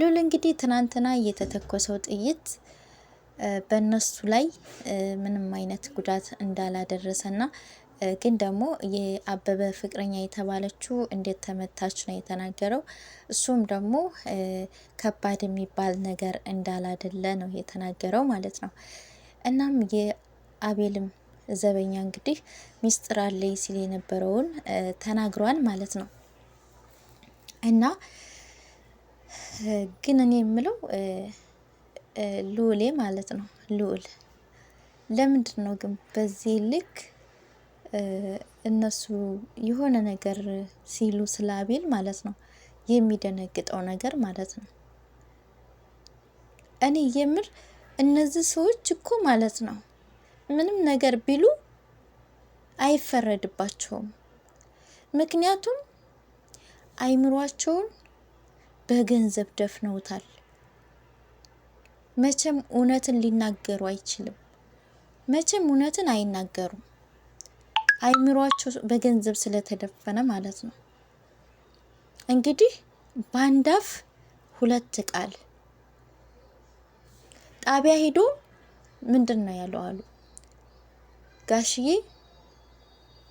ሉል እንግዲህ ትናንትና የተተኮሰው ጥይት በእነሱ ላይ ምንም አይነት ጉዳት እንዳላደረሰና ግን ደግሞ የአበበ ፍቅረኛ የተባለችው እንዴት ተመታች ነው የተናገረው። እሱም ደግሞ ከባድ የሚባል ነገር እንዳላደለ ነው የተናገረው ማለት ነው። እናም የአቤልም ዘበኛ እንግዲህ ሚስጥር አለኝ ሲል የነበረውን ተናግሯል ማለት ነው እና ግን እኔ የምለው ልዑሌ ማለት ነው ልዑል ለምንድን ነው ግን በዚህ ልክ እነሱ የሆነ ነገር ሲሉ ስላቢል ማለት ነው የሚደነግጠው ነገር ማለት ነው። እኔ የምር እነዚህ ሰዎች እኮ ማለት ነው ምንም ነገር ቢሉ አይፈረድባቸውም። ምክንያቱም አይምሯቸውን በገንዘብ ደፍነውታል። መቼም እውነትን ሊናገሩ አይችልም። መቼም እውነትን አይናገሩም። አይምሯቸው በገንዘብ ስለተደፈነ ማለት ነው። እንግዲህ በአንድ አፍ ሁለት ቃል ጣቢያ ሄዶ ምንድን ነው ያለው አሉ ጋሽዬ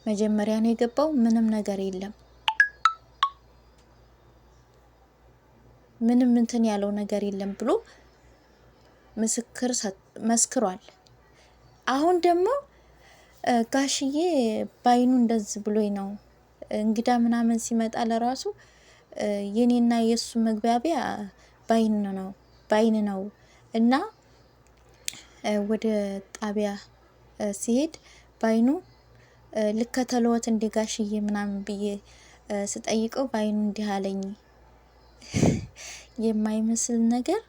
መጀመሪያ ነው የገባው ምንም ነገር የለም ምንም እንትን ያለው ነገር የለም ብሎ ምስክር መስክሯል። አሁን ደግሞ ጋሽዬ ባይኑ እንደዚህ ብሎኝ ነው እንግዳ ምናምን ሲመጣ ለራሱ የኔና የእሱ መግባቢያ ባይን ነው ባይን ነው እና ወደ ጣቢያ ሲሄድ ባይኑ ልከተለወት እንደ ጋሽዬ ምናምን ብዬ ስጠይቀው ባይኑ እንዲህ አለኝ። የማይመስል ነገር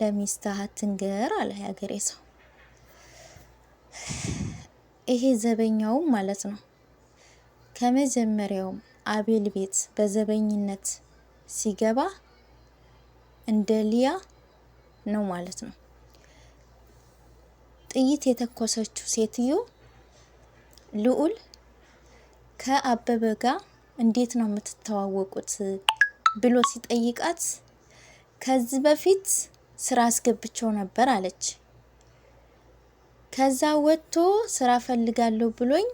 ለሚስትህ አትንገር አለ ያገሬ ሰው። ይሄ ዘበኛውም ማለት ነው። ከመጀመሪያውም አቤል ቤት በዘበኝነት ሲገባ እንደ ሊያ ነው ማለት ነው። ጥይት የተኮሰችው ሴትዮ ልዑል ከአበበ ጋር እንዴት ነው የምትተዋወቁት? ብሎ ሲጠይቃት ከዚህ በፊት ስራ አስገብቸው ነበር አለች። ከዛ ወጥቶ ስራ ፈልጋለሁ ብሎኝ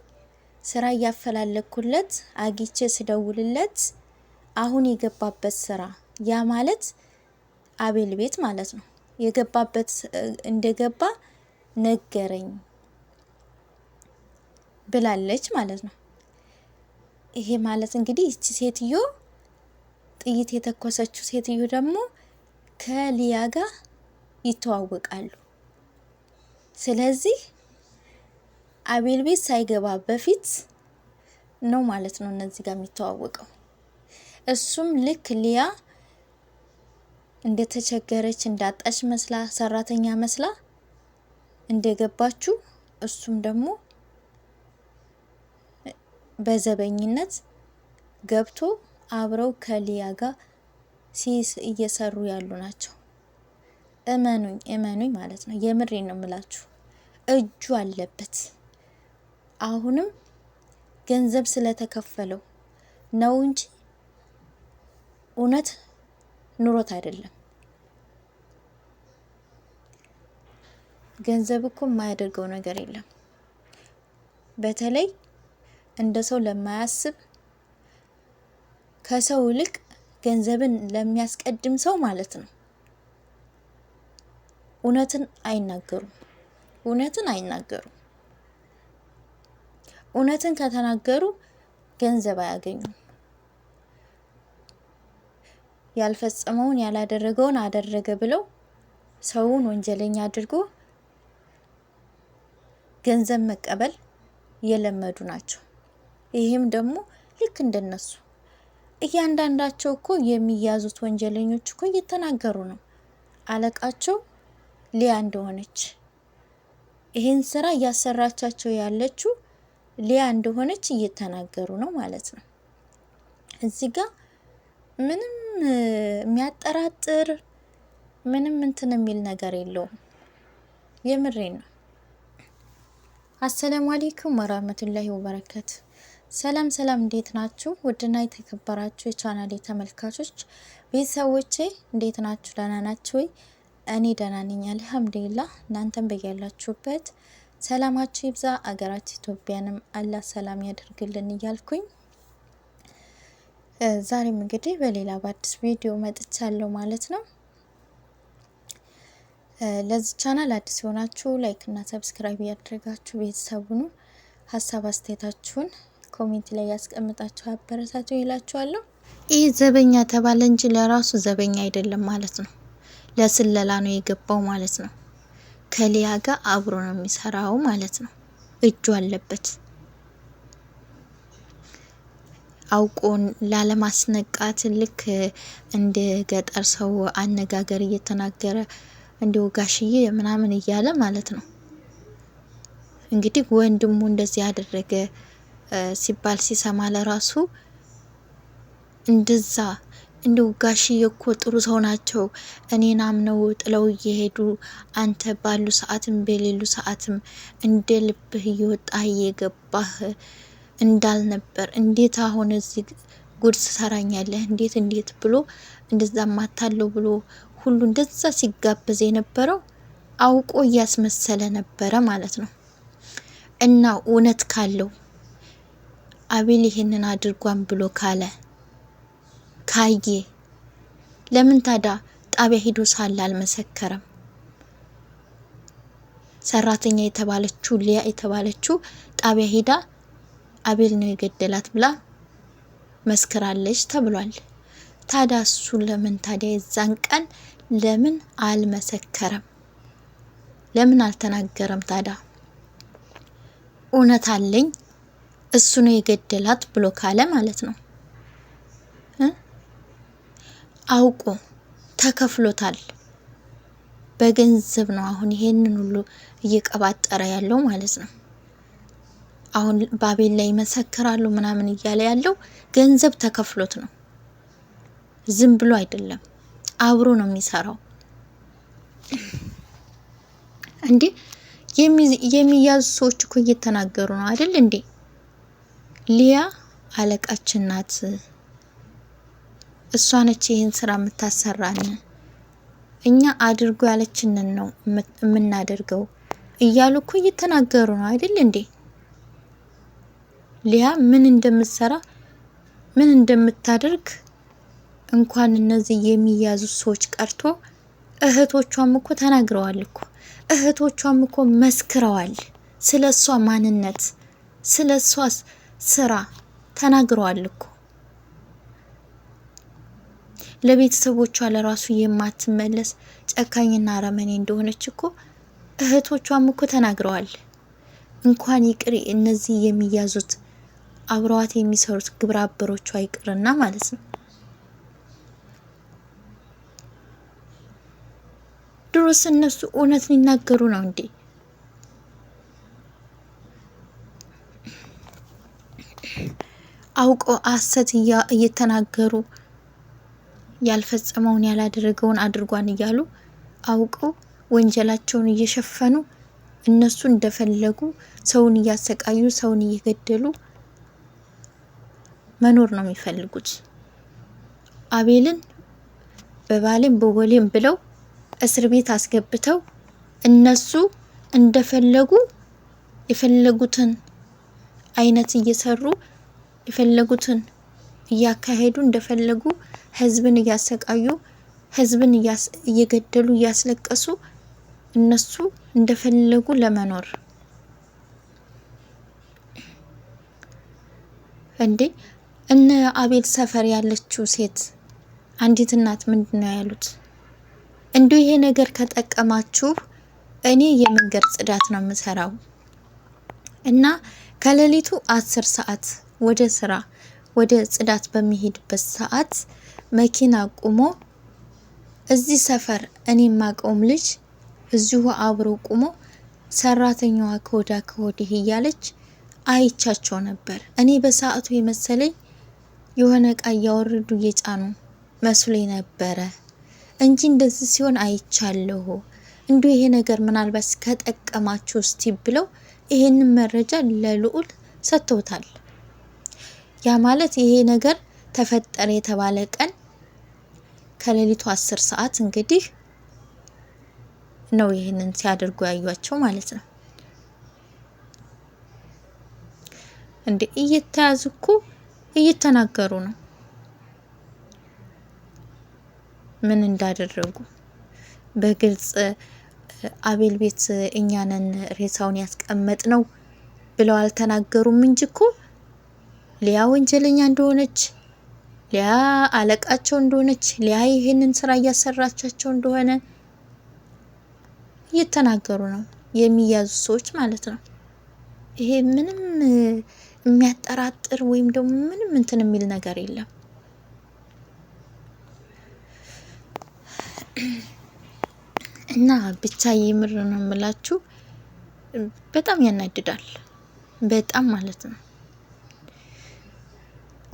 ስራ እያፈላለኩለት አግቼ ስደውልለት አሁን የገባበት ስራ ያ ማለት አቤል ቤት ማለት ነው። የገባበት እንደገባ ነገረኝ ብላለች ማለት ነው። ይሄ ማለት እንግዲህ ይቺ ሴትዮ ጥይት የተኮሰችው ሴትዮ ደግሞ ከሊያ ጋር ይተዋወቃሉ። ስለዚህ አቤል ቤት ሳይገባ በፊት ነው ማለት ነው እነዚህ ጋር የሚተዋወቀው። እሱም ልክ ሊያ እንደተቸገረች እንዳጣች መስላ ሰራተኛ መስላ እንደገባችው እሱም ደግሞ በዘበኝነት ገብቶ አብረው ከሊያ ጋር ሲስ እየሰሩ ያሉ ናቸው። እመኑኝ እመኑኝ ማለት ነው። የምሬ ነው የምላችሁ እጁ አለበት። አሁንም ገንዘብ ስለተከፈለው ነው እንጂ እውነት ኑሮት አይደለም። ገንዘብ እኮ የማያደርገው ነገር የለም። በተለይ እንደ ሰው ለማያስብ ከሰው ይልቅ ገንዘብን ለሚያስቀድም ሰው ማለት ነው። እውነትን አይናገሩም። እውነትን አይናገሩም። እውነትን ከተናገሩ ገንዘብ አያገኙም። ያልፈጸመውን ያላደረገውን አደረገ ብለው ሰውን ወንጀለኛ አድርጎ ገንዘብ መቀበል የለመዱ ናቸው። ይህም ደግሞ ልክ እንደነሱ እያንዳንዳቸው እኮ የሚያዙት ወንጀለኞች እኮ እየተናገሩ ነው አለቃቸው ሊያ እንደሆነች ይህን ስራ እያሰራቻቸው ያለችው ሊያ እንደሆነች እየተናገሩ ነው ማለት ነው። እዚህ ጋ ምንም የሚያጠራጥር ምንም እንትን የሚል ነገር የለውም። የምሬን ነው። አሰላሙ አሌይኩም ወራህመቱላሂ ወበረከቱ ሰላም ሰላም፣ እንዴት ናችሁ? ውድና የተከበራችሁ የቻናሌ ተመልካቾች ቤተሰቦቼ እንዴት ናችሁ? ደህና ናችሁ ወይ? እኔ ደህና ነኝ አልሐምዱሊላህ። እናንተም በያላችሁበት ሰላማችሁ ይብዛ፣ አገራችን ኢትዮጵያንም አላህ ሰላም ያደርግልን እያልኩኝ ዛሬም እንግዲህ በሌላ በአዲስ ቪዲዮ መጥቻለሁ ማለት ነው። ለዚህ ቻናል አዲስ የሆናችሁ ላይክ እና ሰብስክራይብ ያደረጋችሁ ቤተሰቡኑ ሀሳብ አስተያየታችሁን ኮሜንት ላይ ያስቀምጣችሁ አበረታቸው ይላችኋለሁ። ይህ ዘበኛ ተባለ እንጂ ለራሱ ዘበኛ አይደለም ማለት ነው። ለስለላ ነው የገባው ማለት ነው። ከሊያ ጋር አብሮ ነው የሚሰራው ማለት ነው። እጁ አለበት። አውቆን ላለማስነቃት ልክ እንደ ገጠር ሰው አነጋገር እየተናገረ እንዲሁ ጋሽዬ ምናምን እያለ ማለት ነው። እንግዲህ ወንድሙ እንደዚህ ያደረገ ሲባል ሲሰማ ለራሱ እንደዛ እንዲሁ ጋሽዬ እኮ ጥሩ ሰው ናቸው፣ እኔን አምነው ጥለው እየሄዱ አንተ ባሉ ሰዓትም በሌሉ ሰዓትም እንደ ልብህ እየወጣህ እየገባህ እንዳልነበር እንዴት አሁን እዚህ ጉድ ትሰራኛለህ? እንዴት እንዴት ብሎ እንደዛ ማታለው ብሎ ሁሉ እንደዛ ሲጋበዝ የነበረው አውቆ እያስመሰለ ነበረ ማለት ነው። እና እውነት ካለው አቤል ይሄንን አድርጓን ብሎ ካለ ካየ ለምን ታዳ ጣቢያ ሄዶ ሳለ አልመሰከረም? ሰራተኛ የተባለችው ሊያ የተባለችው ጣቢያ ሄዳ አቤል ነው የገደላት ብላ መስክራለች ተብሏል። ታዳ እሱ ለምን ታዲያ የዛን ቀን ለምን አልመሰከረም? ለምን አልተናገረም? ታዳ እውነት አለኝ እሱ ነው የገደላት ብሎ ካለ ማለት ነው። አውቆ ተከፍሎታል። በገንዘብ ነው አሁን ይሄንን ሁሉ እየቀባጠረ ያለው ማለት ነው። አሁን ባቤል ላይ ይመሰክራሉ ምናምን እያለ ያለው ገንዘብ ተከፍሎት ነው። ዝም ብሎ አይደለም፣ አብሮ ነው የሚሰራው። እንዴ የሚያዙ ሰዎች እኮ እየተናገሩ ነው አይደል እንዴ? ሊያ አለቃችን ናት። እሷ ነች ይህን ስራ የምታሰራን። እኛ አድርጎ ያለችንን ነው የምናደርገው እያሉ እኮ እየተናገሩ ነው አይደል እንዴ? ሊያ ምን እንደምትሰራ ምን እንደምታደርግ እንኳን እነዚህ የሚያዙ ሰዎች ቀርቶ እህቶቿም እኮ ተናግረዋል እኮ እህቶቿም እኮ መስክረዋል ስለ እሷ ማንነት ስለ እሷ ስራ ተናግረዋል እኮ ለቤተሰቦቿ ለራሱ የማትመለስ ጨካኝና አረመኔ እንደሆነች እኮ እህቶቿም እኮ ተናግረዋል። እንኳን ይቅር እነዚህ የሚያዙት አብረዋት የሚሰሩት ግብረ አበሮቿ ይቅርና ማለት ነው። ድሮስ እነሱ እውነት ሊናገሩ ነው እንዴ? አውቆ አሰት እየተናገሩ ያልፈጸመውን ያላደረገውን አድርጓን እያሉ አውቆ ወንጀላቸውን እየሸፈኑ እነሱ እንደፈለጉ ሰውን እያሰቃዩ ሰውን እየገደሉ መኖር ነው የሚፈልጉት። አቤልን በባሌም በወሌም ብለው እስር ቤት አስገብተው እነሱ እንደፈለጉ የፈለጉትን አይነት እየሰሩ የፈለጉትን እያካሄዱ እንደፈለጉ ህዝብን እያሰቃዩ ህዝብን እየገደሉ እያስለቀሱ እነሱ እንደፈለጉ ለመኖር እንዴ! እነ አቤል ሰፈር ያለችው ሴት አንዲት እናት ምንድን ነው ያሉት? እንዲ ይሄ ነገር ከጠቀማችሁ እኔ የመንገድ ጽዳት ነው የምሰራው እና ከሌሊቱ አስር ሰዓት ወደ ስራ ወደ ጽዳት በሚሄድበት ሰዓት መኪና ቁሞ እዚህ ሰፈር እኔ የማቀውም ልጅ እዚሁ አብሮ ቁሞ ሰራተኛዋ ከወዳ ከወዲህ እያለች አይቻቸው ነበር። እኔ በሰዓቱ የመሰለኝ የሆነ እቃ እያወረዱ እየጫኑ መስሎ ነበረ እንጂ እንደዚህ ሲሆን አይቻለሁ። እንዲሁ ይሄ ነገር ምናልባት ከጠቀማችሁ እስቲ ብለው ይሄንን መረጃ ለልዑል ሰጥተውታል። ያ ማለት ይሄ ነገር ተፈጠረ የተባለ ቀን ከሌሊቱ አስር ሰዓት እንግዲህ ነው ይህንን ሲያደርጉ ያዩቸው ማለት ነው። እንዴ እየተያዙ እኮ እየተናገሩ ነው ምን እንዳደረጉ በግልጽ አቤል ቤት እኛንን ሬሳውን ያስቀመጥ ነው ብለው አልተናገሩም እንጂ እኮ ሊያ ወንጀለኛ እንደሆነች፣ ሊያ አለቃቸው እንደሆነች፣ ሊያ ይህንን ስራ እያሰራቻቸው እንደሆነ እየተናገሩ ነው የሚያዙ ሰዎች ማለት ነው። ይሄ ምንም የሚያጠራጥር ወይም ደግሞ ምንም እንትን የሚል ነገር የለም። እና ብቻ የምር ነው የምላችሁ፣ በጣም ያናድዳል። በጣም ማለት ነው።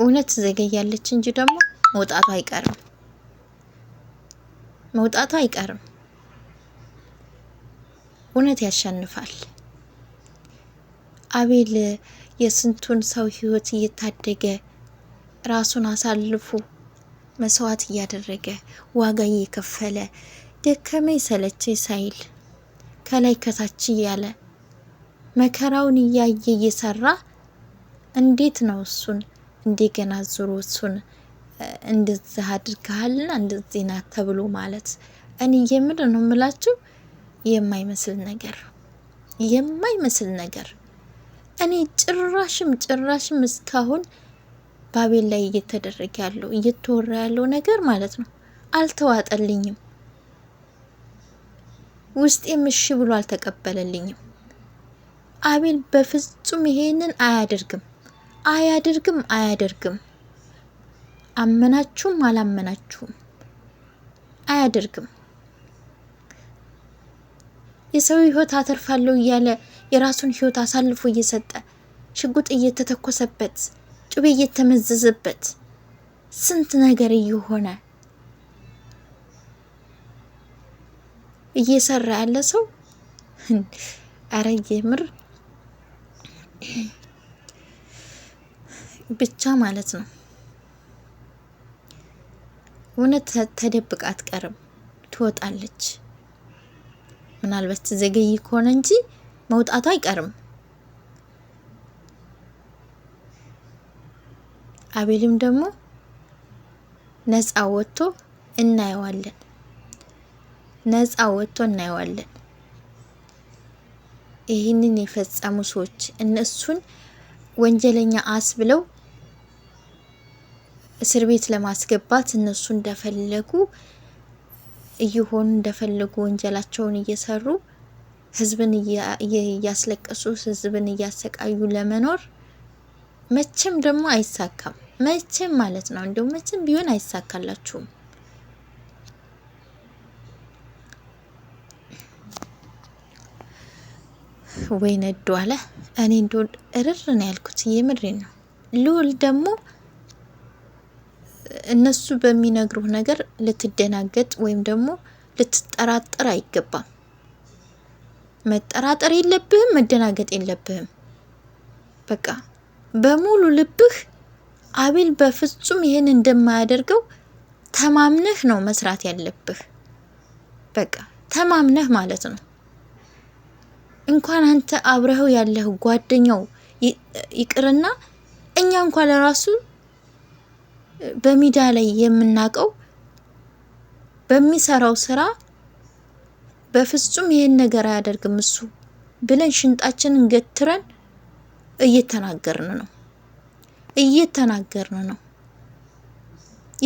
እውነት ዘገያለች እንጂ ደግሞ መውጣቱ አይቀርም፣ መውጣቱ አይቀርም። እውነት ያሸንፋል። አቤል የስንቱን ሰው ህይወት እየታደገ ራሱን አሳልፎ መስዋዕት እያደረገ ዋጋ እየከፈለ ደከመኝ ሰለቸኝ ሳይል ከላይ ከታች እያለ መከራውን እያየ እየሰራ እንዴት ነው እሱን እንደገና ዞሮ እሱን እንደዚህ አድርገሃልና እንደዚህ ናት ተብሎ ማለት እኔ የምር ነው የምላችሁ፣ የማይመስል ነገር የማይመስል ነገር። እኔ ጭራሽም ጭራሽም እስካሁን ባቤል ላይ እየተደረገ ያለው እየተወራ ያለው ነገር ማለት ነው አልተዋጠልኝም። ውስጤም እሺ ብሎ አልተቀበለልኝም። አቤል በፍጹም ይሄንን አያደርግም። አያደርግም አያደርግም፣ አመናችሁም አላመናችሁም አያደርግም። የሰው ህይወት አተርፋለሁ እያለ የራሱን ህይወት አሳልፎ እየሰጠ ሽጉጥ እየተተኮሰበት ጩቤ እየተመዘዘበት ስንት ነገር እየሆነ እየሰራ ያለ ሰው አረ የምር ብቻ ማለት ነው። እውነት ተደብቃ አትቀርም፣ ትወጣለች። ምናልባት ዘገይ ከሆነ እንጂ መውጣቱ አይቀርም። አቤልም ደግሞ ነፃ ወጥቶ እናየዋለን፣ ነፃ ወጥቶ እናየዋለን። ይህንን የፈጸሙ ሰዎች እነሱን ወንጀለኛ አስ ብለው እስር ቤት ለማስገባት እነሱ እንደፈለጉ እየሆኑ እንደፈለጉ ወንጀላቸውን እየሰሩ ህዝብን እያስለቀሱ ህዝብን እያሰቃዩ ለመኖር መቼም ደግሞ አይሳካም። መቼም ማለት ነው እንደው መቼም ቢሆን አይሳካላችሁም። ወይ ነዱ አለ። እኔ እንደው እርር ነው ያልኩት፣ የምሬን ነው። ልዑል ደግሞ እነሱ በሚነግሩህ ነገር ልትደናገጥ ወይም ደግሞ ልትጠራጠር አይገባም። መጠራጠር የለብህም፣ መደናገጥ የለብህም። በቃ በሙሉ ልብህ አቤል በፍጹም ይህን እንደማያደርገው ተማምነህ ነው መስራት ያለብህ። በቃ ተማምነህ ማለት ነው። እንኳን አንተ አብረኸው ያለህ ጓደኛው ይቅርና እኛ እንኳን ለራሱ በሚዲያ ላይ የምናውቀው በሚሰራው ስራ በፍጹም ይሄን ነገር አያደርግም እሱ ብለን ሽንጣችንን ገትረን እየተናገርን ነው እየተናገርን ነው።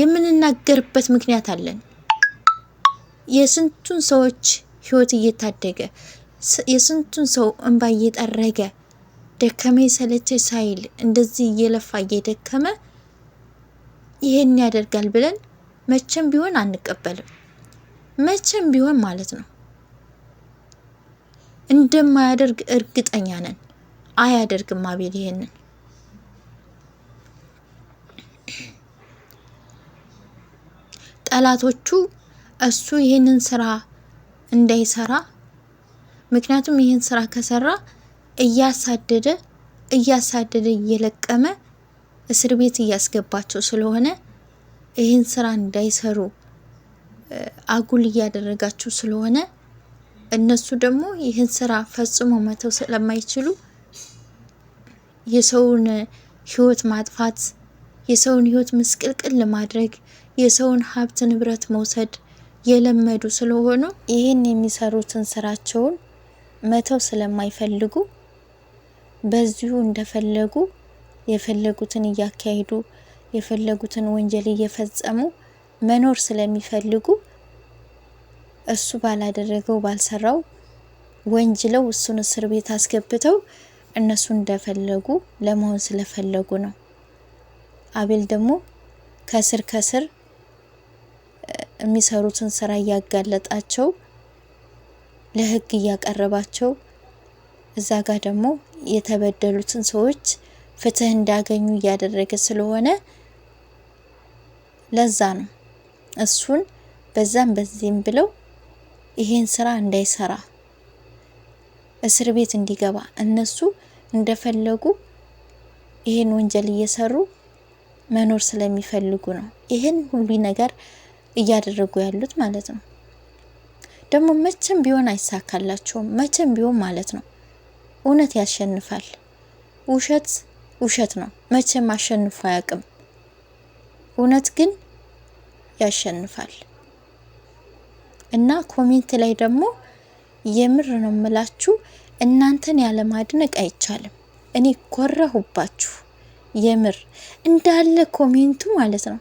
የምንናገርበት ምክንያት አለን። የስንቱን ሰዎች ህይወት እየታደገ የስንቱን ሰው እንባ እየጠረገ ደከመ የሰለቸ ሳይል እንደዚህ እየለፋ እየደከመ ይሄን ያደርጋል ብለን መቼም ቢሆን አንቀበልም። መቼም ቢሆን ማለት ነው እንደማያደርግ እርግጠኛ ነን። አያደርግም አቤል ይሄንን። ጠላቶቹ እሱ ይሄንን ስራ እንዳይሰራ ምክንያቱም ይህን ስራ ከሰራ እያሳደደ እያሳደደ እየለቀመ እስር ቤት እያስገባቸው ስለሆነ ይህን ስራ እንዳይሰሩ አጉል እያደረጋቸው ስለሆነ እነሱ ደግሞ ይህን ስራ ፈጽሞ መተው ስለማይችሉ የሰውን ህይወት ማጥፋት፣ የሰውን ህይወት ምስቅልቅል ማድረግ፣ የሰውን ሀብት ንብረት መውሰድ የለመዱ ስለሆኑ ይህን የሚሰሩትን ስራቸውን መተው ስለማይፈልጉ በዚሁ እንደፈለጉ የፈለጉትን እያካሄዱ የፈለጉትን ወንጀል እየፈጸሙ መኖር ስለሚፈልጉ እሱ ባላደረገው ባልሰራው ወንጅለው እሱን እስር ቤት አስገብተው እነሱ እንደፈለጉ ለመሆን ስለፈለጉ ነው። አቤል ደግሞ ከስር ከስር የሚሰሩትን ስራ እያጋለጣቸው ለህግ እያቀረባቸው እዛ ጋር ደግሞ የተበደሉትን ሰዎች ፍትህ እንዲያገኙ እያደረገ ስለሆነ ለዛ ነው እሱን በዛም በዚህም ብለው ይሄን ስራ እንዳይሰራ እስር ቤት እንዲገባ እነሱ እንደፈለጉ ይሄን ወንጀል እየሰሩ መኖር ስለሚፈልጉ ነው ይሄን ሁሉ ነገር እያደረጉ ያሉት ማለት ነው። ደግሞ መቼም ቢሆን አይሳካላቸውም፣ መቼም ቢሆን ማለት ነው። እውነት ያሸንፋል ውሸት ውሸት ነው። መቼም አሸንፎ አያውቅም። እውነት ግን ያሸንፋል። እና ኮሜንት ላይ ደግሞ የምር ነው ምላችሁ፣ እናንተን ያለ ማድነቅ አይቻልም። እኔ ኮረሁባችሁ የምር እንዳለ ኮሜንቱ ማለት ነው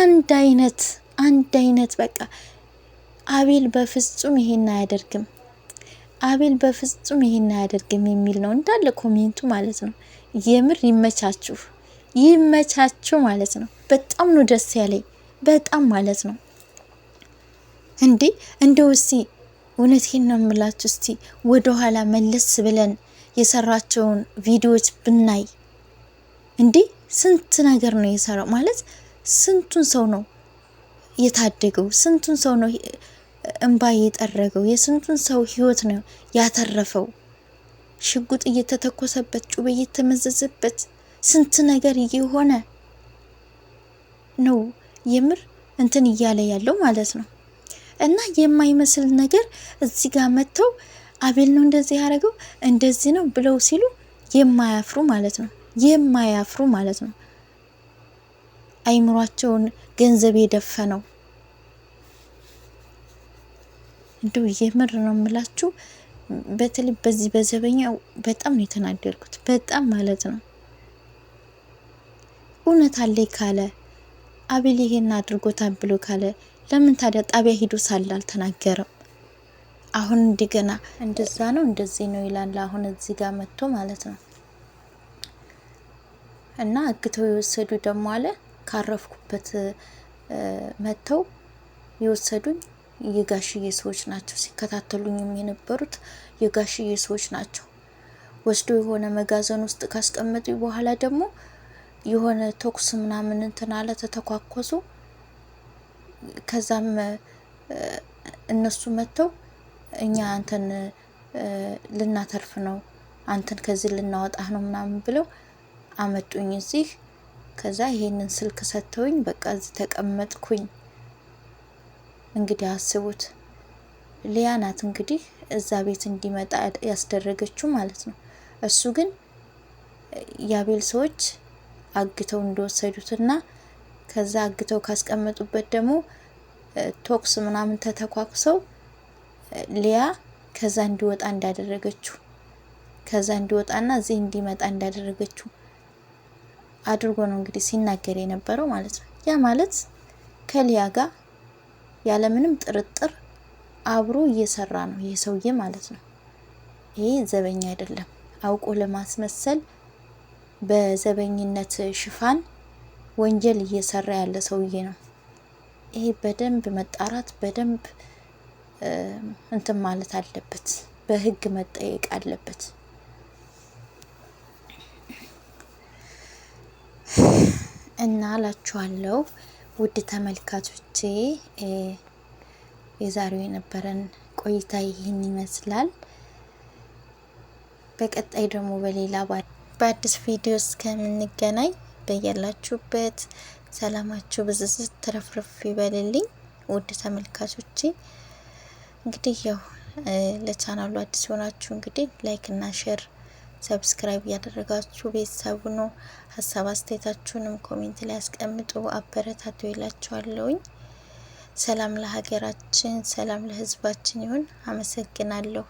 አንድ አይነት አንድ አይነት በቃ አቤል በፍጹም ይሄን አያደርግም፣ አቤል በፍጹም ይሄን አያደርግም የሚል ነው እንዳለ ኮሜንቱ ማለት ነው። የምር ይመቻችሁ፣ ይመቻችሁ ማለት ነው። በጣም ነው ደስ ያለኝ፣ በጣም ማለት ነው። እንዴ እንደው እስቲ እውነቴን ነው የምላችሁ፣ እስቲ ወደ ኋላ መለስ ብለን የሰራቸውን ቪዲዮዎች ብናይ እንዴ ስንት ነገር ነው የሰራው ማለት ስንቱን ሰው ነው የታደገው፣ ስንቱን ሰው ነው እንባ የጠረገው፣ የስንቱን ሰው ህይወት ነው ያተረፈው። ሽጉጥ እየተተኮሰበት ጩቤ እየተመዘዘበት ስንት ነገር እየሆነ ነው የምር እንትን እያለ ያለው ማለት ነው። እና የማይመስል ነገር እዚህ ጋር መጥተው አቤል ነው እንደዚህ ያደረገው እንደዚህ ነው ብለው ሲሉ የማያፍሩ ማለት ነው። የማያፍሩ ማለት ነው። አይምሯቸውን ገንዘብ የደፈነው እንደው የምር ነው የምላችሁ። በተለይ በዚህ በዘበኛው በጣም ነው የተናደድኩት። በጣም ማለት ነው። እውነት አለኝ ካለ አቤል ይሄን አድርጎታል ብሎ ካለ ለምን ታዲያ ጣቢያ ሂዶ ሳለ አልተናገረም? አሁን እንደገና እንደዛ ነው እንደዚህ ነው ይላል። አሁን እዚህ ጋር መጥቶ ማለት ነው እና አግተው የወሰዱ ደግሞ አለ ካረፍኩበት መጥተው የወሰዱኝ የጋሽዬ ሰዎች ናቸው ሲከታተሉኝም የነበሩት የጋሽዬ ሰዎች ናቸው። ወስዶ የሆነ መጋዘን ውስጥ ካስቀመጡ በኋላ ደግሞ የሆነ ተኩስ ምናምን እንትን አለ፣ ተተኳኮሱ። ከዛም እነሱ መጥተው እኛ አንተን ልናተርፍ ነው፣ አንተን ከዚህ ልናወጣህ ነው ምናምን ብለው አመጡኝ እዚህ። ከዛ ይሄንን ስልክ ሰጥተውኝ በቃ እዚህ ተቀመጥኩኝ። እንግዲህ አስቡት ሊያ ናት እንግዲህ እዛ ቤት እንዲመጣ ያስደረገችው ማለት ነው። እሱ ግን የአቤል ሰዎች አግተው እንደወሰዱትና ከዛ አግተው ካስቀመጡበት ደግሞ ቶክስ ምናምን ተተኳኩሰው ሊያ ከዛ እንዲወጣ እንዳደረገችው ከዛ እንዲወጣና እዚህ እንዲመጣ እንዳደረገችው አድርጎ ነው እንግዲህ ሲናገር የነበረው ማለት ነው። ያ ማለት ከሊያ ጋር ያለምንም ጥርጥር አብሮ እየሰራ ነው ይህ ሰውዬ ማለት ነው። ይሄ ዘበኛ አይደለም፣ አውቆ ለማስመሰል በዘበኝነት ሽፋን ወንጀል እየሰራ ያለ ሰውዬ ነው። ይሄ በደንብ መጣራት፣ በደንብ እንትን ማለት አለበት፣ በህግ መጠየቅ አለበት። እና አላችኋለሁ ውድ ተመልካቾቼ የዛሬው የነበረን ቆይታ ይህን ይመስላል። በቀጣይ ደግሞ በሌላ በአዲስ ቪዲዮ እስከምንገናኝ በያላችሁበት ሰላማችሁ ብዝዝት ትረፍርፍ ይበልልኝ። ውድ ተመልካቾቼ እንግዲህ ያው ለቻናሉ አዲስ የሆናችሁ እንግዲህ ላይክ እና ሼር ሰብስክራይብ እያደረጋችሁ ቤተሰቡ ነው። ሀሳብ አስተያየታችሁንም ኮሜንት ላይ አስቀምጡ፣ አበረታቱ ይላችኋለሁኝ። ሰላም ለሀገራችን፣ ሰላም ለህዝባችን ይሁን። አመሰግናለሁ።